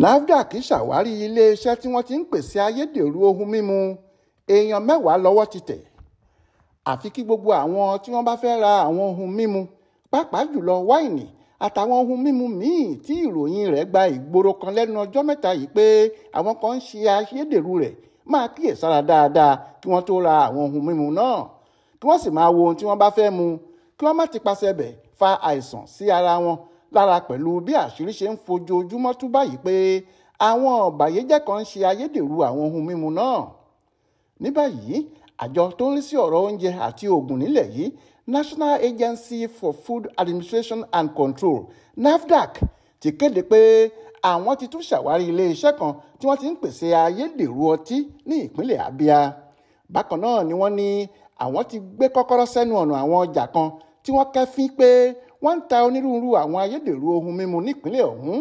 nafdac ṣàwárí iléeṣẹ́ tí wọ́n ti ń pèsè ayédèrú ohun mímu èèyàn mẹ́wàá lọ́wọ́ ti tẹ̀ àfi kí gbogbo àwọn tí wọ́n bá fẹ́ ra àwọn ohun mímu pàápàá jùlọ wáìnì àtàwọn ohun mímu míì tí ìròyìn rẹ̀ gba ìgboro kan lẹ́nu ọjọ́ mẹ́ta yìí pé àwọn kan ń ṣe ayédèrú rẹ̀ máa kíyèsára dáadáa kí wọ́n tó ra àwọn ohun mímu náà kí wọ́n sì máa wo ohun tí wọ́n bá fẹ́ mu kí wọ́n má ti pasẹ̀ bẹ̀ fa àìsàn sí ara wọn lára pẹ̀lú bí àṣírí ṣe ń fojoojúmọ́ tú báyìí pé àwọn ọ̀bàyéjẹ́ kan ń ṣe ayédèrú àwọn ohun mímu náà ní báyìí àjọ tó ń rí sí ọ̀rọ̀ oúnjẹ àti oògùn nílẹ̀ yìí National Agency for Food Administration and Control NAFDAC ti kéde pé àwọn ti tún ṣàwárí iléeṣẹ́ kan tí wọ́n ti ń pèsè ayédèrú ọtí ní ìpínlẹ̀ Abia bákan náà ni wọ́n ní àwọn ti gbé kọ́kọ́rọ́ sẹ́nu ọ̀nà àwọn ọjà kan tí wọ́n kẹ́fín pé wọ́n ń ta onírúurú àwọn ayédèrú ohun mímu nípínlẹ̀ ọ̀hún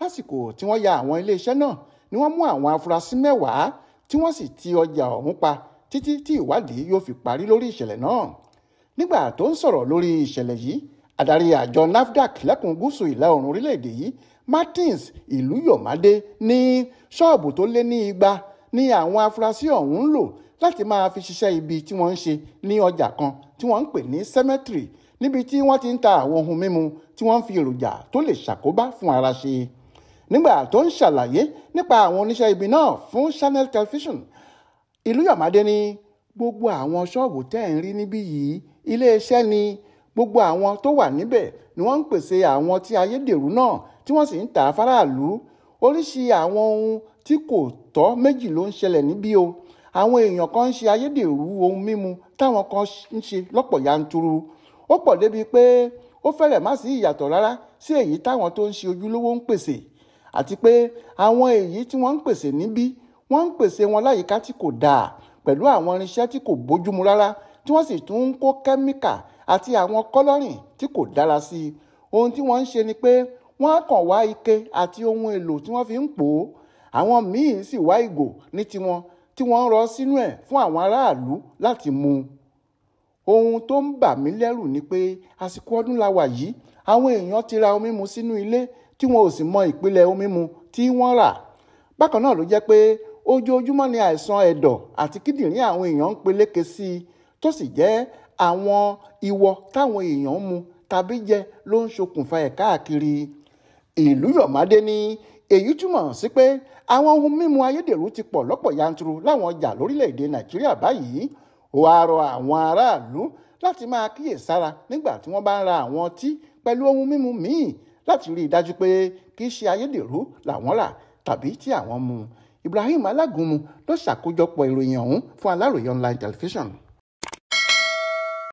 lásìkò tí wọ́n ya àwọn iléeṣẹ́ náà ni wọ́n mú àwọn afurasí mẹ́wàá tí wọ́n sì ti ọjà ọ̀hún pa títí tí ìwádìí yóò fi parí lórí ìṣẹ̀lẹ̀ náà nígbà tó ń sọ̀rọ̀ lórí ìṣẹ̀lẹ̀ yìí adarí àjọ NAFDAC lẹ́kùn gúúsù ìlà oòrùn orílẹ̀-èdè yìí Martins Ìlúyọ̀mádé ní ṣọ́ọ̀bù tó lé ní igba ni àwọn afurasí ọ̀hún lò láti máa fi ṣiṣẹ́ ibi tí wọ́n ń ṣe ní ọjà kan tí wọ́n ń pè ní cemetery níbi tí wọ́n ti ń ta àwọn ohun mímu tí wọ́n ń fi èròjà tó lè ṣàkóbá fún ara ṣe nígbà tó ń ṣàlàyé nípa àwọn oníṣẹ́ ibi náà fún Channel Television Ìlúyọ̀mádé ní gbogbo àwọn ṣọ́ọ̀bù tẹ́ ẹ̀ ń rí níbí yìí iléeṣẹ́ ni gbogbo àwọn tó wà níbẹ̀ ni wọ́n ń pèsè àwọn tí ayédèrú náà tí wọ́n sì ń tà á fáráàlú oríṣi àwọn ohun tí kò tọ́ méjì ló ń ṣẹlẹ̀ níbí o àwọn èèyàn kan ń ṣe ayédèrú ohun mímu táwọn kan ń ṣe lọ́pọ̀ yanturu ó pọ̀ débi pé ó fẹ́rẹ̀ má sí ìyàtọ̀ rárá sí èyí táwọn tó ń ṣe ojúlówó ń pèsè àti pé àwọn èyí tí wọ́n ń pèsè níbí wọ́n ń pèsè wọn láyìíká tí kò dáa pẹ̀lú àwọn irinṣẹ́ tí kò bójúmu rárá tí wọ́n sì tún ń kó kẹ́míkà àti àwọn kọ́lọ́rìn tí kò dára sí i ohun tí wọ́n ń ṣe ni pé wọ́n á kàn wá ike àti ohun èlò tí wọ́n fi ń pò ó àwọn míì sì wá ìgò ní tiwọn tí wọ́n ń rọ sínú ẹ̀ fún àwọn aráàlú láti mu ohun tó ń bà mí lẹ́rù ni pé àsìkò ọdún la wà yìí àwọn èèyàn ti ra omi mu sínú ilé tí wọn ò sì mọ ìpìlẹ̀ omi mu tí wọ́n rà bákan náà ló jẹ́ pé ojoojúmọ́ ni àìsàn ẹ̀dọ̀ àti kíndìnrín àwọn èèyàn ń peléke sí i tó sì jẹ́ àwọn ìwọ táwọn èèyàn ń mu tàbí jẹ ló ń ṣokùnfà ẹ̀ káàkiri Ìlúyọ̀mádé ní èyí túmọ̀ sí pé àwọn ohun mímu ayédèrú ti pọ̀ lọ́pọ̀ yanturu láwọn ọjà lórílẹ̀‐èdè Nàìjíríà báyìí ó wáá rọ àwọn aráàlú láti máa kíyèsára nígbà tí wọ́n bá ń ra àwọn ọtí pẹ̀lú ohun mímu míì láti rí i dájú pé kì í ṣe ayédèrú làwọn rà tàbí tí àwọn mu Ibrahim Alágúnmu ló ṣàkójọpọ̀ ìròyìn ọ̀hún fún Aláròye online television.